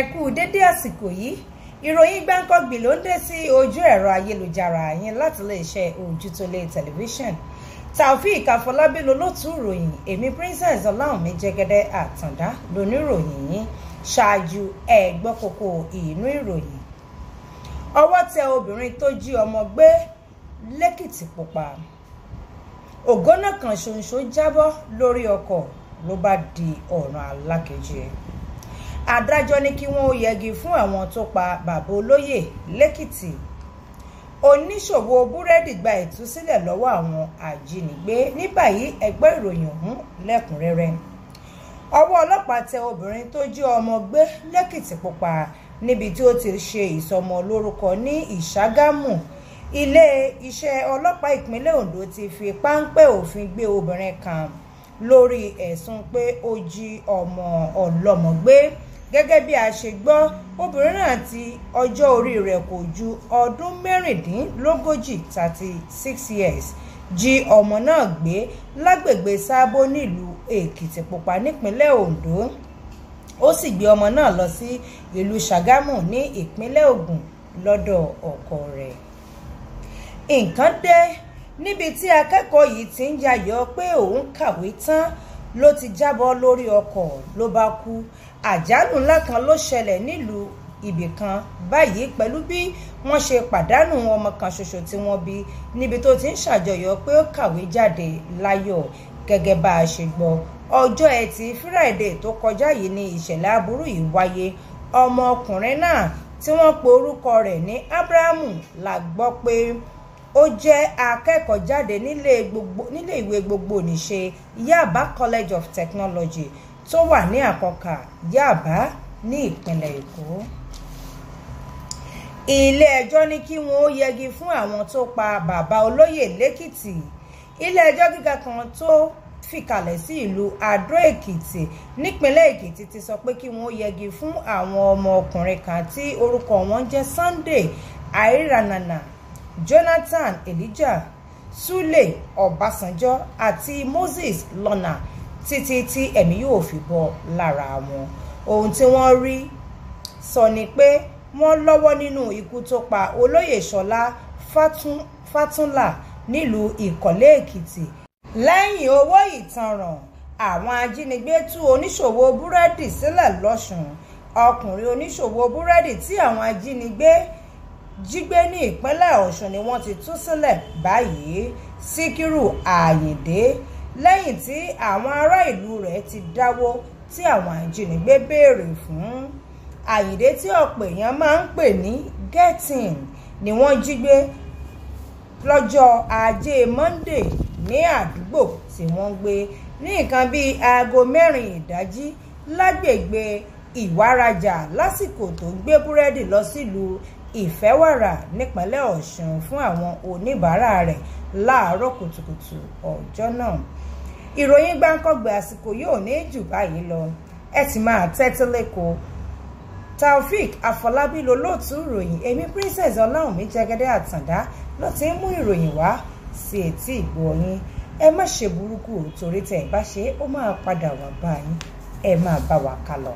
ẹ kú dédé àsìkò yìí ìròyìn gbáǹkọ́gbì ló ń dé sí ojú ẹ̀rọ ayélujára yín láti iléeṣẹ́ ojútólé tẹlifíṣàn taofeek afọlábí lolótú ìròyìn èmi princess ọláwùnmí jẹ́gẹ́dẹ́ àtàndá lóníròyìn yín ṣáájú ẹ gbọ́ kókó inú ìròyìn ọwọ́ tẹ obìnrin tó jí ọmọ gbé lẹ́kìtìpupa ògónà kan ṣoṣo jábọ́ lórí ọkọ̀ ló bá di ọ̀ràn alákeje adájọ́ ní kí wọ́n yẹgi fún àwọn tó pa bàbá olóyè lẹ́kìtì oníṣòwò búrẹ́dì gba ìtúsílẹ̀ lọ́wọ́ àwọn ajínigbé ní báyìí ẹgbẹ́ ìròyìn ọ̀hún lẹ́kùnrẹ́rẹ́ ọwọ́ ọlọ́pàá tẹ obìnrin tó jí ọmọ gbé lẹ́kìtìpupa níbi tí ó ti ṣe ìsọmọ lórúkọ ní ìṣàgámù ilé iṣẹ́ ọlọ́pàá ìpínlẹ̀ Ondo ti fi páńpẹ́ òfin gbé obìnrin kan lórí ẹ̀sùn pé ó jí ọmọ ọlọ́mọ gbé gẹ́gẹ́ bí a ṣe gbọ́ obìnrin náà ti ọjọ́ orí rẹ̀ kò ju ọdún mẹ́rìndínlógójì thirty six years jí ọmọ náà gbé lágbègbè sábó nílùú èkìtìpupa nípínlẹ̀ ondo ó sì gbé ọmọ náà lọ sí ìlú ṣàgámù ní ìpínlẹ̀ ògùn lọ́dọ̀ ọkọ rẹ̀ nǹkan dé níbi tí akẹ́kọ̀ọ́ yìí ti ń yayọ̀ pé òun kàwé tán ló ti jábọ́ lórí ọkọ̀ ló bá kú àjálù ńlá kan ló ṣẹlẹ̀ nílùú ibìkan báyìí pẹ̀lú bí wọ́n ṣe pàdánù ọmọ kan ṣoṣo tí wọ́n bí níbi tó ti ń ṣàjọyọ̀ pé ó kàwé jáde láyọ̀ gẹ́gẹ́ bá a ṣe gbọ́ ọjọ́ ẹtì Friday tó kọjá yìí ni ìṣẹ̀lẹ̀ aburú yìí wáyé ọmọkùnrin náà tí wọ́n pe orúkọ rẹ̀ ní Abrahamu la gbọ́ pé ó jẹ́ akẹ́kọ̀ọ́ jáde nílé gbogbo nílé ìwé gbogbo nìṣe Yaba College of Technology tó wà ní àkọkà Yaba ní ìpínlẹ̀ Èkó ilé ẹjọ́ ní kí wọ́n ó yẹgi fún àwọn tó pa bàbá olóyè lẹ́kìtì ilé ẹjọ́ gíga kan tó fìkàlẹ̀ sí ìlú Adó-Èkìtì nípínlẹ̀ Èkìtì ti sọ pé kí wọ́n ó yẹgi fún àwọn ọmọ ọkùnrin kan tí orúkọ wọn jẹ́ Sunday Airanana Jonathan Elijah Sule Ọbásanjọ́ àti Moses Lọ́nà títí tí ẹ̀mí yóò fi bọ́ lára wọn ohun tí wọ́n rí sọ ni pé wọ́n lọ́wọ́ nínú ikú tó pa olóyè Ṣọlá Fátúnlà nílùú Ìkọ̀lé Èkìtì lẹ́yìn owó ìtanràn àwọn ajínigbé tú oníṣòwò búrẹ́dì sílẹ̀ lọ́sùn ọkùnrin oníṣòwò búrẹ́dì tí àwọn ajínigbé jígbé ní ìpínlẹ̀ ọ̀ṣun ni wọ́n ti tú sílẹ̀ báyìí síkírù àyèdè lẹ́yìn tí àwọn ará ìlú rẹ̀ ti dáwó tí àwọn ajínigbé béèrè fún àyèdè tí ọ̀pọ̀ èèyàn máa ń pè ní getting ni wọ́n jí gbé lọ́jọ́ ajé monday ní àdúgbò tí wọ́n ń gbé ní nǹkan bíi aago mẹ́rin ìdájí lágbègbè ìwárajà lásìkò tó ń gbé búrẹ́dì lọ sílùú ìfẹ́wàrà nípínlẹ̀ ọ̀ṣun fún àwọn oníbàárà rẹ̀ láàárọ̀ kùtùkùtù ọjọ́ náà ìròyìn gbáǹkọ́gbè àsìkò yóò ní jù báyìí lọ ẹ ti máa tẹ́tí lẹ́kọ̀ọ́ taofik afọlábí lolóòtú ìròyìn èmi princess ọláwùnmí jẹ́gẹ́dẹ́ àtàndá ló ti ń mú ìròyìn wá sí etí ìgbọ́ yín ẹ má ṣe burúkú torí tẹ́ ẹ bá ṣe ó máa padà wá bá yín ẹ máa bá wa kálọ.